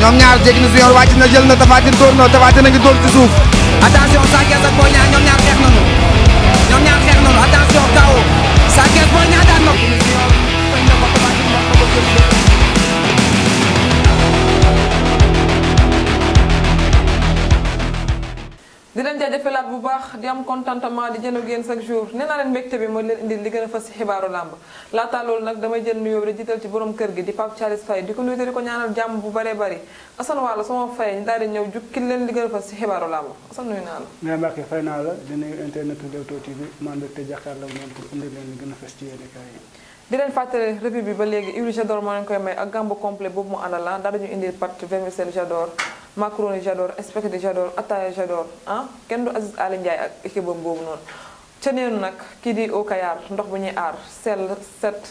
ñoom ñaar jéggi na su yor jël na Tapha Tine na Tapha ngi dóor ci suuf attention Sa Thiès ak Boy Niang ñoom ñaar xeex ñoom ñaar xeex nañu attention kaw Sa Thiès Boy Niang daan na di leen jaajëfalaat bu baax di am contentement di jën ak chaque jour nee leen mbégte bi moo leen indil li gën a fës ci xibaaru làmb laataa loolu nag damay nuyu bu bëree bëri Assane Walla sama fay ñu daal di ñëw naa la mais Mbacke fay naa la di internet Leewtoo TV man de te jàkkaarloo moom pour indil leen li gën a fës ci yéen kaay di leen fàttali revue bi ba léegi Huile Jador moo leen koy may ak gàmbu complet boobu mu àndal daal dañu indil pâte vermicelle Jador macaroni j'adore spaghetti j'adore attaya j'adore ah kenn du Aziz Aly Ndiaye ak équipe boobu noonu ca nag kii di au Kayar ndox bu ñuy aar sell set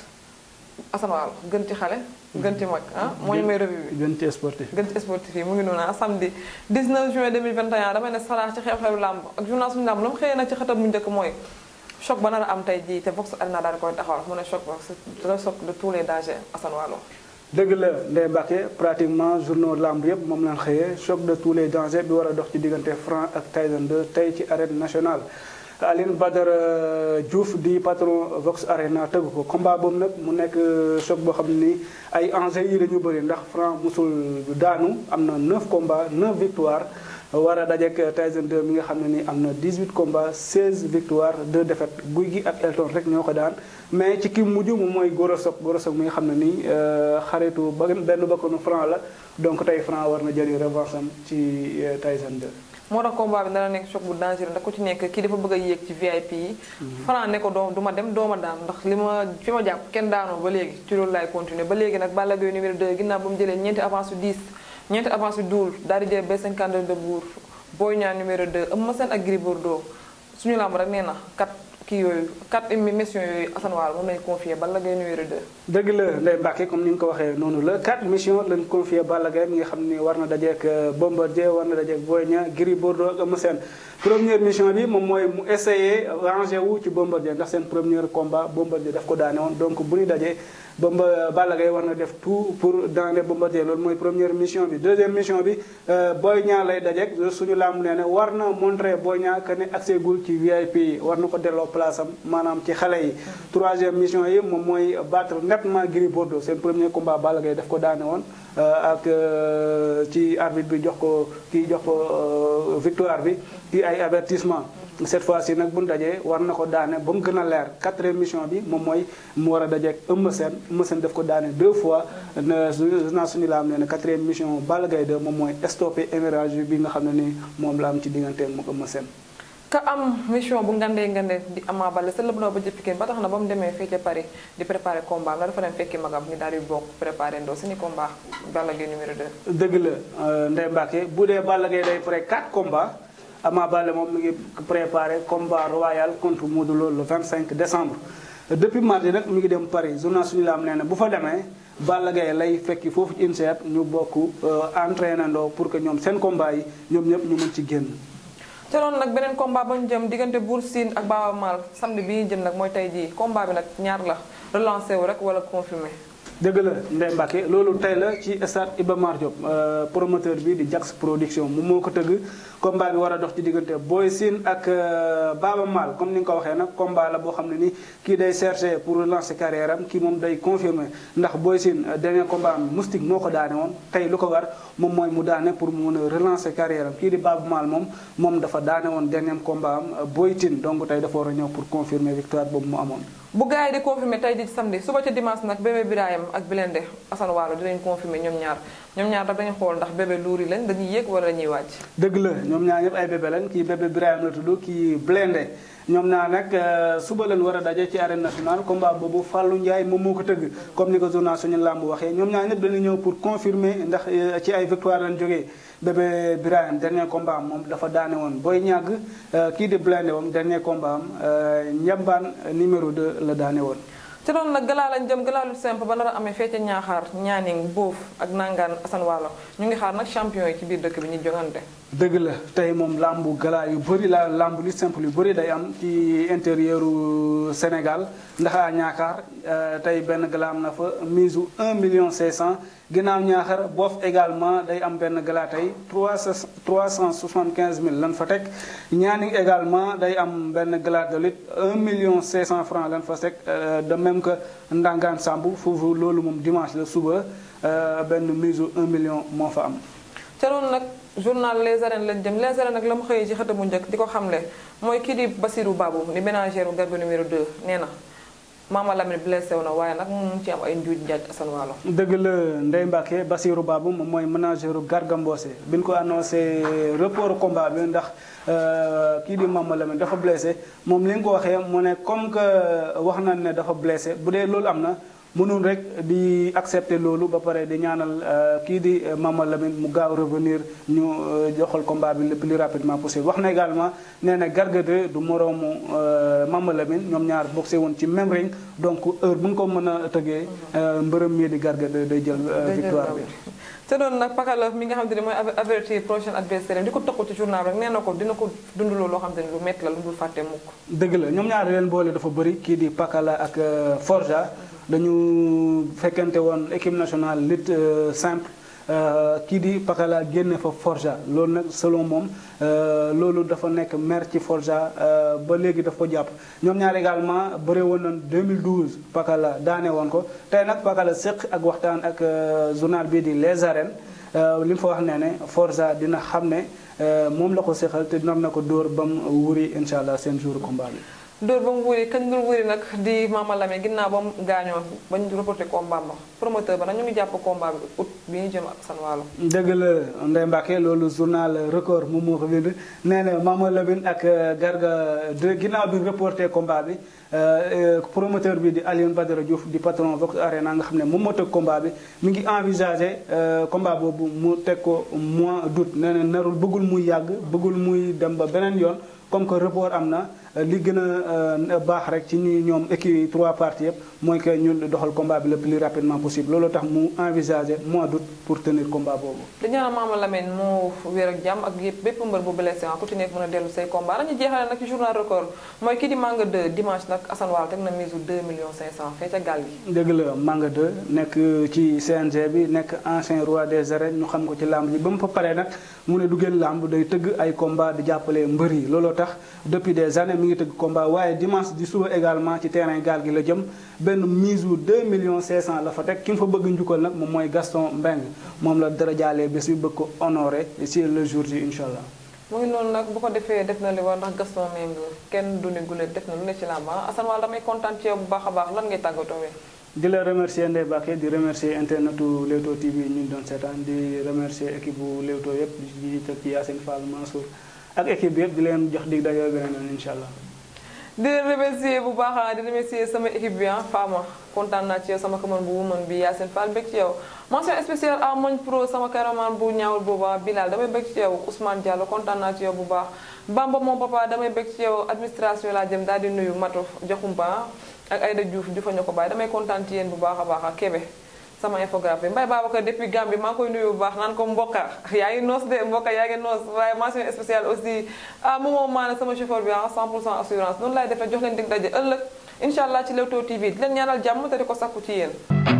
asanwaal gën ci xale gën ci mag ah moo mu ngi noonu ah samedi 19 juin 2021 damay ne saraax ci xew-xew làmb ak journal suñu làmb la mu xëyee nag ci xëtam mu njëkk mooy choc ba nar a am tey jii te Vox Arena daal koy taxawal mu ne choc ba tous les dangers asanwaalo dëgg la Ndeye Mbacké pratiquement journaux lamb yëpp moom lañ xëyee choc de tous les dangers bi war a dox ci diggante Franc ak Tyson 2 tey ci arène nationale Aline Badara euh, Diouf di patron Vox Arena tëgg ko combat boobu nag mu nekk euh, choc boo xam ni ay enjeux yi dañu bëri ndax Franc musul daanu am na 9 combats 9 victoires war a dajeek Tyson 2 mi nga xam ne ni am na 18 combats 16 victoires 2 défaites guy gi ak Elton rek ñoo ko daan mais ci ki mujj moom mooy Gora Sock Gora Sock mi nga xam ne nii euh, xaritu ba benn bakkanu Franc la donc tey Franc war na jëli revanche ci euh, Tyson 2. moo tax combat bi dana nekk choc bu dangereux ndax ku ci nekk kii dafa bëgg a yéeg ci VIP yi. Mhm. Franc ne ko doo du dem dooma ma daan ndax li ma fi ma jàpp kenn daanoo ba léegi ci loolu laay contin ba léegi nag Balla Gaye ba mu jëlee ñeenti avance su ñeenti avance bi duul daal di jël B52 de Bour Boy Niang numéro 2 Eumeu Sène ak Gris Bordeaux suñu làmb rek nee na kat kii yooyu quatre missions yooyu Assane Wall moom lañ confié Balla Gaye numéro 2. dëgg la lay Mbacke comme ni nga ko waxee noonu la quatre mission lañ confié Balla Gaye mi nga xam ni war na dajeek euh, Bombardier war na dajeek Boy Niang Gris Bordeaux ak Eumeu Sène première mission bi moom mooy mu essayer rangé wu ci Bombardier ndax seen premier combat Bombardier daf ko daane woon donc bu ñu dajee Bomba Balla gay war na def tout pour daane Bombardier loolu mooy première mission bi. deuxième mission bi euh, Boy Niang lay dajeek suñu làmb nee na war na montrer Boy Niang que ne accès gul ci VIP yi war na ko delloo place maanaam ci xale yi. troisième mission yi moom mooy battre nettement Gris Bordeaux seen premier combat Balla Gaye daf ko daane woon. Euh, ak euh, ci arbitre bi jox ko kii jox ko euh, victoire bi kii ay avertissement cette fois ci nag bu ñu dajee war na ko daanee ba mu gën a leer quatrième mission bi moom mooy mu war a dajeeg Eumeu Sène Eumeu Sène daf ko daanee deux fois na naa suñu la am ne ne quatrième mission ball Gaye 2 moom mooy stoppé hémorragie bi nga xam ne ni moom la am ci digganteeg moom Eumeu Sène ka am mission bu ngandee ngandee di Ama Baldé sa lëb noo ba jëppikin ba tax na ba mu demee fii ca Paris di préparer combat am la dafa dem fekki magam ñu daal di bokk préparer ndaw suñu combat Balla Gaye numéro 2. dëgg la euh, Ndeye bu dee Balla Gaye day pré 4 combats Ama Baldé moom mu ngi préparer combat royal contre Modou Lo le 25 décembre. depuis mardi nag mu ngi dem Paris journal suñu la am nee na bu fa demee Balla Gaye lay fekki foofu ci INSEAD ñu bokk euh, entraînandoo pour que ñoom seen combat yi ñoom ñëpp ñu mën ci génn. te noonu nag beneen combat ba ñu jëm diggante Bour Sine ak Baaba Maal samedi bi ñu jëm nag mooy tey jii combat bi nag ñaar la relancé wu rek wala confirmé. dëgg la Ndeye Mbacke loolu tey la ci stade Iba Mar Diop euh, promoteur bi di Jax production moom moo ko tëgg combat bi war a dox ci diggante Boy Sine ak euh, Baba Mal comme ni nga ko waxee nag combat la boo xam ne ni kii day chercher pour lancer carrière am kii moom day confirmer ndax Boy Sine euh, dernier combat am moustique moo ko daane woon tey lu ko war moom mooy mu daane pour mu mën a relancer carrière am kii di Baba Mal moom moom dafa daane woon dernier combat am Boy Tine tey dafa war a ñëw pour confirmer victoire boobu mu amoon. bu gars yi di confirmé tey ji ci samedi suba ca dimanche nag bébé Birahim ak Blindé Assane Waalo dinañ confirmé ñoom ñaar ñoom ñaar nag dañu xool ndax bébé luur yi lañ dañuy yéeg wala dañuy wàcc dëgg la ñoom ñaar ñëpp ay bébé lañ kii bébé Birahim la tudd kii Blindé ñoom naa nag euh, suba lañ war a daje ci arène nationale combat boobu fàllu Ndiaye moom moo ko tëgg comme ni ko journal suñu làmb waxee ñoom naa ñëpp dañu ñëw pour confirmer ndax euh, ci ay victoire lañ jógee bébé Birahim dernier combat am moom dafa daane woon booy ñàgg euh, kii de blindé woon dernier komba am njambaan numéro 2 la daane woon ci loolu nag galaa lañ jëm galaa lu simple ba nar amee fee ca ñaaxaar ñaaning boof ak nangaan asan waalo ñu ngi xaar nag champion yi ci biir dëkk bi ñu jongante dëgg la tey moom làmbu galaal yu bëri la làmb lu simple yu bëri day am ci intérieuru Sénégal ndax a ñaakaar euh, tey benn galaa am na fa mise u un million 500 ginnaaw ñaaxar boof également day am benn gala tey trois cent soixante quinze mille lan fa teg ñaaning également day am benn gala de lutte un million cinq cent francs lan fa teg euh, de même que Ndangaan Samb foofu loolu moom dimanche la suba euh, benn mise un million moo fa am ca noonu nag journal Les Arènes lañ jëm Les Arènes nag la mu xëyee ci xët bu njëkk di ko xam xamle mooy kii di Basirou Babou di ménagère u Garga numéro 2 nee na Mama Lamine blessé wu na waaye nag mu ngi ci am ay njuuj njaaj Assane dëgg la Ndeye Mbacke Basirou Babou moom mooy manageru Garga Mbossé bi ñu ko annoncé report combat bi ndax euh, kii di Mama Lamine dafa blessé moom li nga ko waxee mu ne comme que euh, wax nañ ne dafa blessé bu dee loolu am na. mënul rek di accepter loolu ba pare di ñaanal euh, kii di euh, Mama Lamine mu gaaw revenir ñu euh, joxal combat bi le plus rapidement possible wax na également nee na Garga 2 du moroomu Mama lamin ñoom ñaar boxé woon ci même ring donc heure bu ñu ko mën a tëggee mbërëm mii di Garga 2 day jël victoire bi te doon nag Pakala mi nga xam te ne mooy avertir prochain adversaire di ko toq ci journal rek nee na ko dina ko dund loo xam te ne lu métti la lu dul fàtte mukk. dëgg la ñoom dafa bëri di Pakala ak Forja. dañu fekkente woon équipe nationale lutte euh, simple euh, kii di Pakala génne fa Forja loolu nag selon moom euh, loolu dafa nekk mer ci Forja ba léegi daf ko jàpp ñoom ñaar également bëre woon nañ 2012 Pakala daane woon ko tey nag Pakala séq ak waxtaan ak journal bii di Les Arènes li fa wax ne ne Forza dina xam ne moom la ko séqal te nar na ko dóor ba mu wuri incha allah seen jour combat bi dóor ba mu wuuri kañ dul wuuri nag di Mama Lamine ginnaaw ba mu gaañoo bañ reporté combat ma promoteur ba nag ñu ngi jàpp combat bi août jëm ak San Waalo. dëgg la loolu journal record moom moo ko bind nee na Mama Lamine euh, de ginnaaw bi reporté combat bi euh, euh, promoteur bi di Alioune Badara Diouf di patron Vox nga xam ne moom moo teg combat bi mi ngi envisagé combat boobu mu teg ko mois d'août nee narul bëggul muy yàgg bëggul muy dem ba beneen yoon comme que report am na. li gën a euh, baax rek ci ñuy ñoom équipe trois parties yëpp mooy que ñu doxal combat bi le plus rapidement possible loolu tax mu envisager mois d'août pour tenir combat boobu. di ñaanal Mama Lamine mu wér ak jàmm ak yëpp bépp mbër bu blessé ah ku ci nekk mën a dellu say combat dañu jeexale nag ci journal record mooy kii di Manga 2 dimanche nag Assane teg na mise 2 millions 500 fee ca gàll gi. dëgg la Manga 2 nekk euh, ci CNG bi nekk ancien roi ba mu fa paree nag mu ne du gën làmb day tëgg ay combat di jàppale mbër yi looloo tax depuis des années. mu ngi tëgg combat waaye dimanche di suba également ci terrain gaal gi la jëm benn mise wu 2 millions 500 la fa teg ki nga fa bëgg njukkal nag moom mooy Gaston Mbengue moom la dara jaalee bés bi bëgg ko honoré si le jour ji incha allah. mu noonu nag bu ko defee def na li war ndax Gaston Mbengue kenn du ne def na lu ne ci làmb Assane Wala damay kontaan ci yow bu baax a baax lan ngay tàggatoo di la remercier Ndeye Bakke di remercier internetu Leewtoo TV ñu doon seetaan di remercier équipe bu Leewtoo yëpp di jiital ci ak équipe bi yëpp di leen jox dig dajoo beneen yoon incha allah. di leen bu baax di remercier sama équipe bi ah Fama kontaan naa ci yow sama kaman bu woman bi Yacine Fall bëgg ci yow. mention spéciale à Moñ Pro sama caméraman bu ñaawul booba bilaal damay bëgg ci yow Ousmane Diallo kontaan naa ci yow bu baax Bamba moom papa damay bëgg ci yow administration laa jëm daal di nuyu Matouf Diakhoumpa ah, ak Aïda Diouf di fa ñu ko bàyyi damay kontaan ci yéen bu baax a baax ak ah, sama infographie Mbaye Babacar depuis Gambie maa ngi koy nuyu bu baax naan ko mbokka yaa ngi noos de mbokka yaa ngi noos waaye mention spéciale aussi ah moom maa sama chauffeur bi ah 100% assurance noonu laay defee jox leen dig daje ëllëg allah ci Leewtoo TV di leen ñaanal jàmm te di ko sakku ci yéen.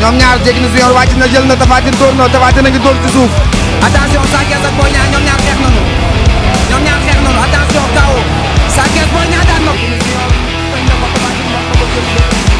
ñoom ñaar jéggi na junior wàcc na jël na tafaatin dóor na tafaatin a ngi dóor suuf attention Sa Thiès ak Boy ñoom ñaar xeex nañu ñoom ñaar xeex nañu attention kaw Sa Thiès Boy Niang daan na ko